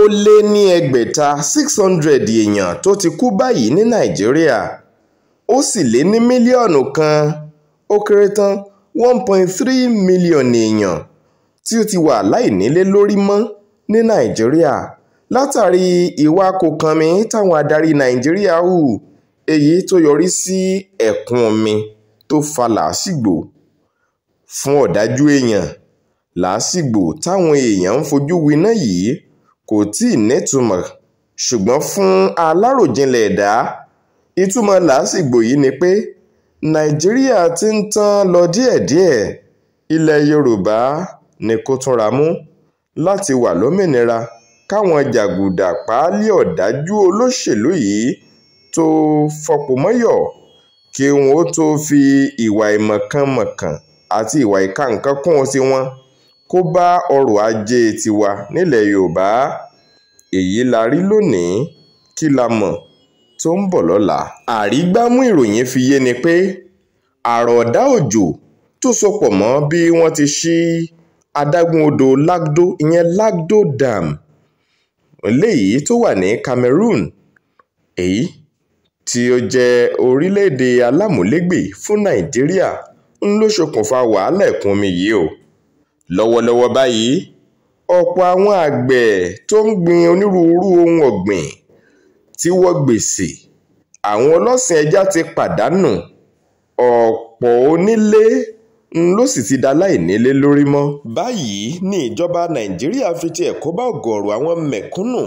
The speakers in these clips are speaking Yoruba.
ó lé ní ẹgbẹ̀ta six hundred èèyàn tó ti kú báyìí ní nàìjíríà ó sì lé ní mílíọ̀nù kan ó kéré tán one point three million èèyàn tí ó ti wà láìnílé lórí mọ́ ní nàìjíríà látàrí ìwà kòkànmí táwọn adarí nàìjíríà hù èyí tó yọrí sí ẹ̀kún omi tó fa làásìgbò fún ọ̀dájú èèyàn làásìgbò táwọn èèyàn ń fojú winá yìí kò tí ì nítumọ̀ ṣùgbọ́n fún aláròjinlẹ̀ ẹ̀dá ìtumọ̀ làásìgbò yìí ni pé nàìjíríà ti ń tán lọ díẹ̀díẹ̀ ilẹ̀ yorùbá ni kó túnra mú láti wà lómìnira káwọn jàgùdà páálí ọ̀dájú olóṣèlú yìí tó fọpomọ́yọ̀ kí wọn ó tó fi ìwà ìmọ̀kànmọ̀kàn àti ìwà ìkàǹkan kún sí wọn kó bá ọrọ̀ ajé tiwa nílẹ̀ yorùbá èyí la rí lónìí kí la mọ̀ tó ń bọ̀ lọ́la. àrígbámú ìròyìn fi yé ni pé àròọ̀dá òjò tó sopọ̀ mọ́ bí wọ́n ti ṣí adágún odò lagdo ìyẹn lagdo dam léyìí tó wà ní cameroon èyí tí ó jẹ́ orílẹ̀-èdè alámúlégbè fún nàìjíríà ń ló ṣokùnfà wàhálà ẹ̀kún omi yìí o lọ́wọ́lọ́wọ́ báyìí ọ̀pọ̀ àwọn àgbẹ̀ tó ń gbin onírúurú ohun ọ̀gbìn ti wọ gbèsè àwọn ọlọ́sìn ẹja ti pàdánù ọ̀pọ̀ onílé n ló sì ti da láìnílé lórí mọ́. báyìí ni ìjọba nàìjíríà fi tiẹ̀ kó bá ọ̀gọ̀ọ̀rọ̀ àwọn mẹ̀kúnnù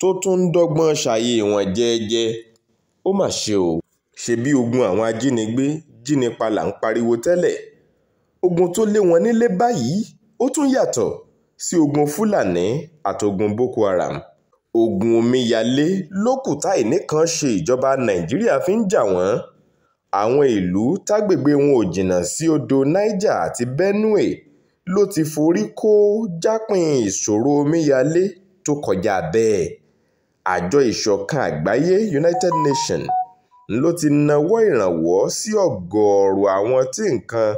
tó tún ń dọ́gbọ́n ṣayé wọn jẹ́ẹ́jẹ́ ó mà ṣe o ṣebí ogun àwọn ajínigbé jínipa là ń pariwo tẹ́lẹ̀ ogun tó lé wọn nílé báyìí ó tún yàtọ̀ sí ogun fúlàní àtogun boko haram ogun omíyalé lókùtà ìníkan ṣe ìjọba nàìjíríà fi ń jà wọ́n àwọn ìlú tágbègbè wọn ò jìnnà sí odò niger àti benue ló ti forí kó jápín ìṣòro omíyalé tó kọjá bẹ́ẹ̀ àjọ ìṣọ̀kan àgbáyé united nations ló ti nawọ́ ìrànwọ́ sí ọ̀gọ̀ọ̀rọ̀ àwọn tí nǹkan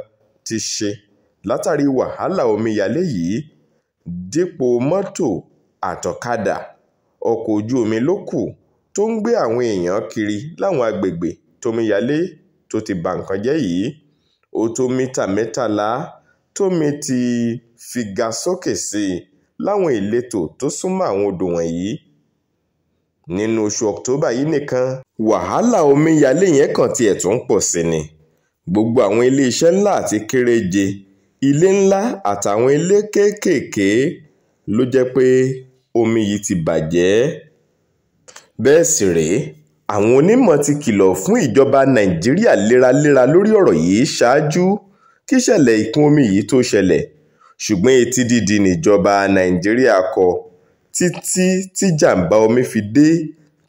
ti ṣe látàrí wàhálà omíyalé yìí dípò mọ́tò àtọ̀kadà ọkọ̀ ojú omi ló kù tó ń gbé àwọn èèyàn kiri láwọn agbègbè tómíyalé tó ti bà nǹkan jẹ́ yìí ó tó mítà mẹ́tàlá tómi ti figa sókè sí i láwọn ìletò tó súnmọ́ àwọn odò wọ̀nyí nínú oṣù October yìí nìkan wàhálà omíyalé yẹn kàn tiẹ̀ tún pọ̀ sí ni gbogbo àwọn iléeṣẹ́ ńlá àti kéréje ilé ńlá àtàwọn ilé kéékèèké ló jẹ́ pé omi yìí ti bàjẹ́ bẹ́ẹ̀ sì rèé àwọn onímọ̀ ti kìlọ̀ fún ìjọba nàìjíríà léraléra lórí ọ̀rọ̀ yìí ṣáájú kí ìṣẹ̀lẹ̀ ìkún omi yìí tó ṣẹlẹ̀ ṣùgbọ́n etí dídi níjọba nàìjíríà kọ títí tí omi fi dé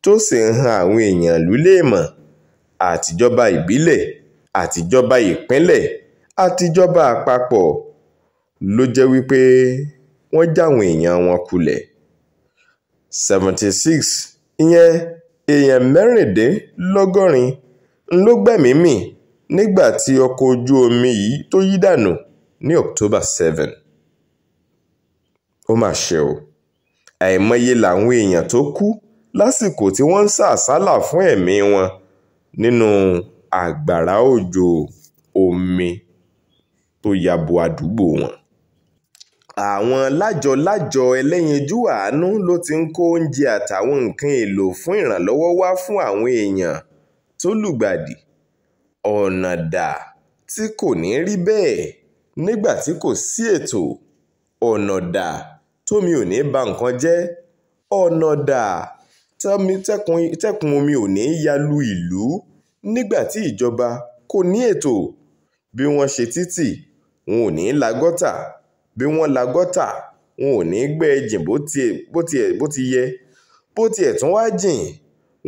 tó sì ń han àwọn èèyàn lúlẹ̀mọ̀ àtijọba ìbílẹ̀ àtijọba ìpínlẹ̀ àtijọba àpapọ̀ ló jẹ́ wípé wọ́n jáwọn èèyàn wọn kulẹ̀ seventy six ìyẹn èèyàn mẹ́rìndínlọ́gọ́rin ló gbẹ̀mí mì nígbà tí ọkọ̀ ojú omi yìí tó yí dànù ní October seven ó mà ṣe o àìmọye làwọn èèyàn tó kú lásìkò tí wọ́n ń sá fún ẹ̀mí wọn nínú àgbàrá òjò omi tó ya bo àdúgbò wọn àwọn lájọ-lájọ ẹlẹ́yinjú àánú ló ti ń kó oúnjẹ àtàwọn nǹkan èèlò fún ìrànlọ́wọ́ wá fún àwọn èèyàn tó lùgbàdì ọ̀nà dà tí kò ní rí bẹ́ẹ̀ nígbà tí kò sí ètò ọ̀nà dà tómi ò ní ba nǹkan jẹ́ ọ̀nà dà tẹ́kun omi ò ní ya lu ìlú nígbà tí ìjọba kò ní ètò bí wọ́n ṣe títí wọn ò ní í la gọ́tà bí wọ́n la gọ́tà wọn ò ní í gbẹ́ e jìn bó ti yẹ bó tiẹ̀ tún wá jìn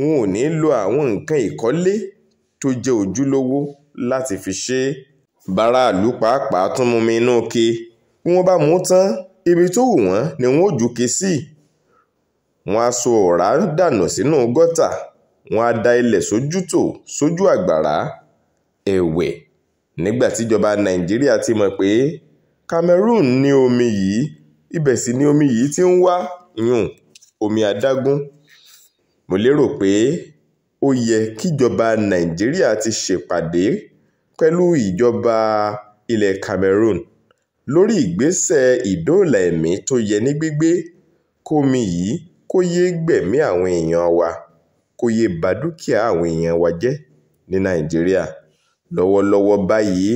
wọn ò ní í lo àwọn nǹkan ìkọ́lé tó jẹ́ ojúlówó láti fi ṣe é báráàlú pàápàá tún mú mi inú ke bí wọ́n bá mú tán ibi tó wù wọ́n ni wọ́n ò jù ke sí wọ́n á so ọ̀rá dànù sínú gọ́tà wọ́n á da ilẹ̀ sójútò sójú àgbàrá ẹ̀wẹ̀ nígbà tíjọba nàìjíríà ti mọ̀ pé Cameroon ní omi yìí ibẹ̀ sì ni omi yìí ti ń wá yùn omi adágún mo lérò pé ó yẹ kíjọba nàìjíríà ti ṣèpàdé pẹ̀lú ìjọba ilẹ̀ Cameroon lórí ìgbésẹ̀ ìdóòlà ẹ̀mí tó yẹ ní gbígbé kómi yìí kó yéé gbẹ̀mí àwọn èèyàn wa kó yéé ba dúkìá àwọn èèyàn wa jẹ́ ní nàìjíríà lọ́wọ́lọ́wọ́ báyìí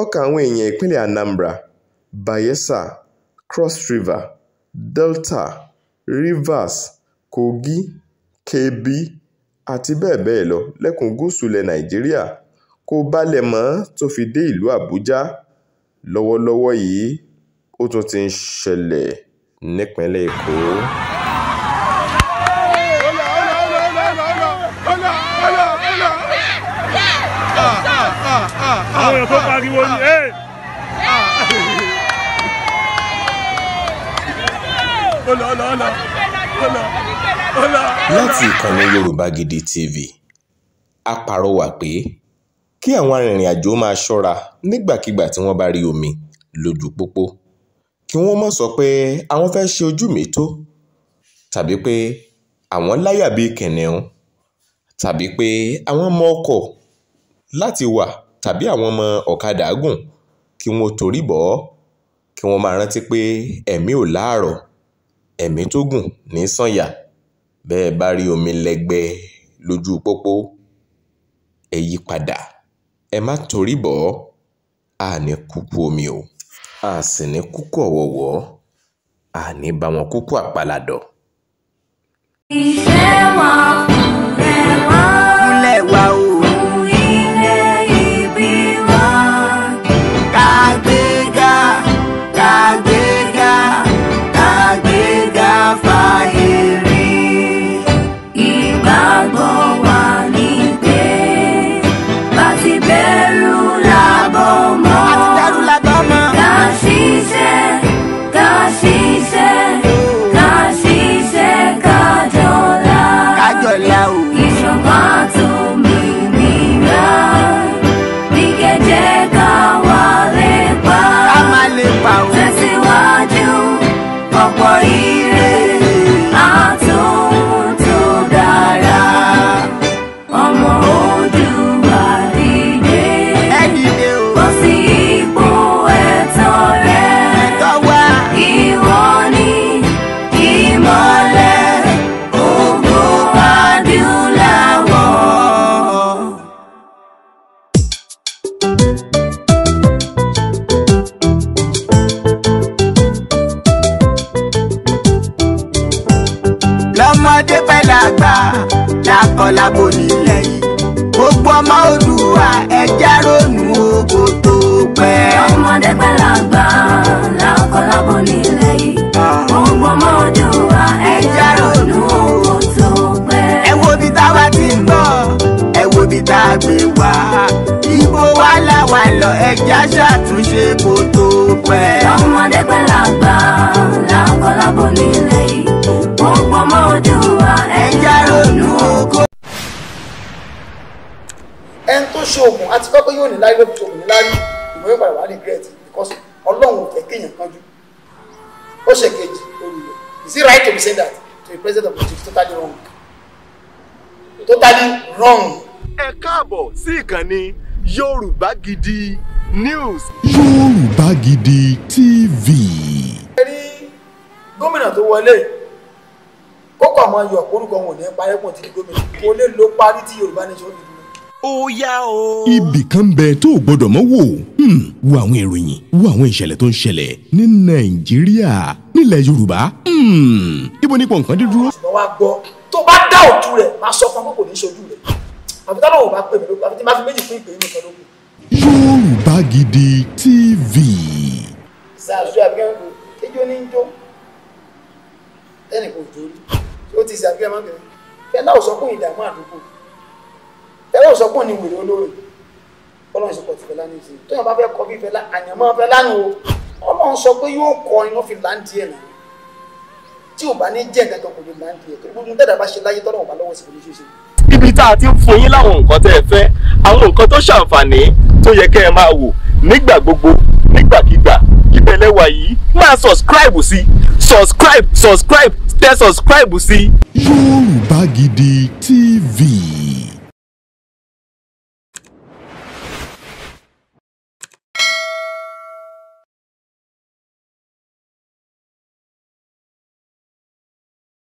ọkàn àwọn èèyàn ìpínlẹ̀ anambra bayelsa cross river delta rivers kogi kebbi àti bẹ́ẹ̀ bẹ́ẹ̀ lọ lẹ́kùn gúúsù ilẹ̀ nàìjíríà kò balẹ̀ mọ́ tó fi dé ìlú àbújá lọ́wọ́lọ́wọ́ yìí ó tún ti ń ṣẹlẹ̀ nípínlẹ̀ èkó. èèyàn tó pariwo ni ah. láti ìkànnì Yorùbá Gidi TV a pàrọwà pé kí àwọn arìnrìn-àjò máa ṣọ́ra nígbàkigbà tí wọ́n bá rí omi lójú pópó kí wọ́n má sọ pé àwọn fẹ́ ṣe ojú mi tó tàbí pé àwọn láyà bíi kẹ̀nẹ̀ún tàbí pé àwọn mọ ọkọ̀ láti wà tàbí àwọn ọmọ ọ̀kadà gùn kí wọ́n torí bọ̀ ọ́ kí wọ́n máa rántí pé ẹ̀mí ò láàárọ̀ ẹ̀mí tó gùn ní sànyà bẹ́ẹ̀ bá rí omi lẹ́gbẹ lójú pópó ẹ yí padà ẹ má torí bọ̀ a ní kúkú omi o a sì ní kúkú ọ̀wọ̀wọ́ a ní bá wọn kúkú àpàlàdọ̀. Deca. ọmọdé pẹ́ làgbà lákọlábo nílẹ̀ yìí gbogbo ọmọ Oòduà ẹja ronú ogo tó pẹ́. ọmọdé pẹ́ làgbà lákọlábo nílẹ̀ yìí gbogbo ọmọ Oòduà ẹja ronú ogo tó pẹ́. ẹ wo bí táwa ti ń bọ̀ ẹ wo bí tá gbé wá ibo wa là wà lọ ẹja ṣàtúnṣe kó tó pẹ́. ọmọdé pẹ́ làgbà làǹkọ́ lábò nílé yìí gbogbo ọmọ òde wa ẹja ronú oko. ẹni tó ṣe àti pápẹ́ yóò ní láyé lóbi tó ní láyé ìwé ìpàdé wà ní gírẹ́ẹ̀tì because ọlọ́run ò fẹ́ kéèyàn kanjú ó ṣe kejì olùyọ is it right to be saying that to a president of the country totally wrong totally wrong. ẹ káàbọ̀ sí ìkànnì yorùbá gidi news. yorùbá gidi tv. ẹ gómìnà tó wọlé kókò àmọ́ yọ orúkọ wọn ò ní parí pọ̀ títí gómìnà kò lè lo parí tí yorùbá nation lè ó yá o. ibì kan bẹ tó o gbọ́dọ̀ mọ̀ wò hmm, wo àwọn ìròyìn wo àwọn ìṣẹ̀lẹ̀ tó ń ṣẹlẹ̀ ní nàìjíríà nílẹ̀ yorùbá hmm, ibo nípò nǹkan dídúró. ṣùgbọ́n wàá gbọ́ tó bá dá òtún rẹ̀ máa sọ fún akókò ní ṣojú rẹ̀ àfi tọ́lọ̀ ò Yorùbá Gidi TV. ṣàṣù àbíkẹ́wò ejò ní jó tẹ́nìkò jó rí ó ti ṣe àbíkẹ́wò máa ń bẹ̀rẹ̀ fẹ́lá òsọ́kùn ìdààmú àdúgbò fẹ́lá òsọ́kùn ni wèrè olóore ọlọ́run sọ ti fẹ́lá ní ìsìn tó yàn bá fẹ́ kọ́ bí fẹ́lá àyànmọ́ fẹ́lá nù o ọlọ́run sọ pé yóò kọ́ iná fi láǹdì ẹ̀ náà tí ò bá ní jẹ́ ìdájọ́ kò lè láǹdì ẹ̀ tó gbogbo ibi tá a ti ń fún yín láwọn nǹkan tẹ́ ẹ fẹ́ àwọn nǹkan tó ṣàǹfààní tó yẹ kẹ́ ẹ máa wò nígbà gbogbo nígbàkigbà ìbẹ̀lẹ̀ yìí máa subscribe sí subscribe subscribe tẹ subscribe sí. Yorùbá Gidi TV.